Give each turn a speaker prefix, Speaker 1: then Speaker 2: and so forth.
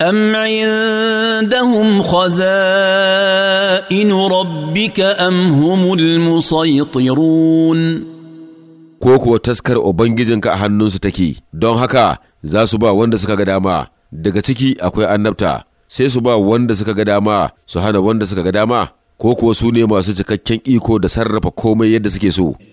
Speaker 1: أم عندهم خزائن ربك
Speaker 2: أم هم المسيطرون ko kuwa taskar Ubangijinka a hannunsu take, don haka za su ba wanda suka ga dama, daga ciki akwai annabta, sai su ba wanda suka ga dama su hana wanda suka ga dama, ko kuwa su ne masu cikakken iko da sarrafa komai yadda suke so.